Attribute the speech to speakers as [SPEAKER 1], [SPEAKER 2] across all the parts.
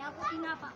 [SPEAKER 1] Yang aku kenapa?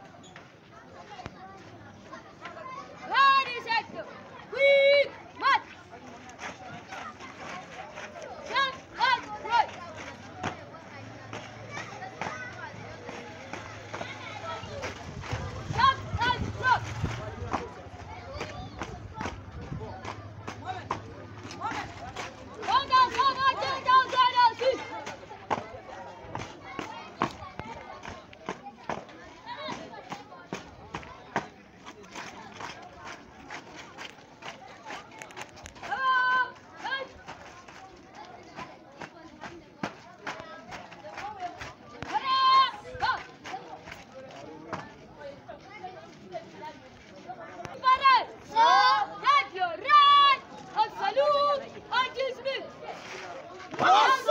[SPEAKER 1] Awesome.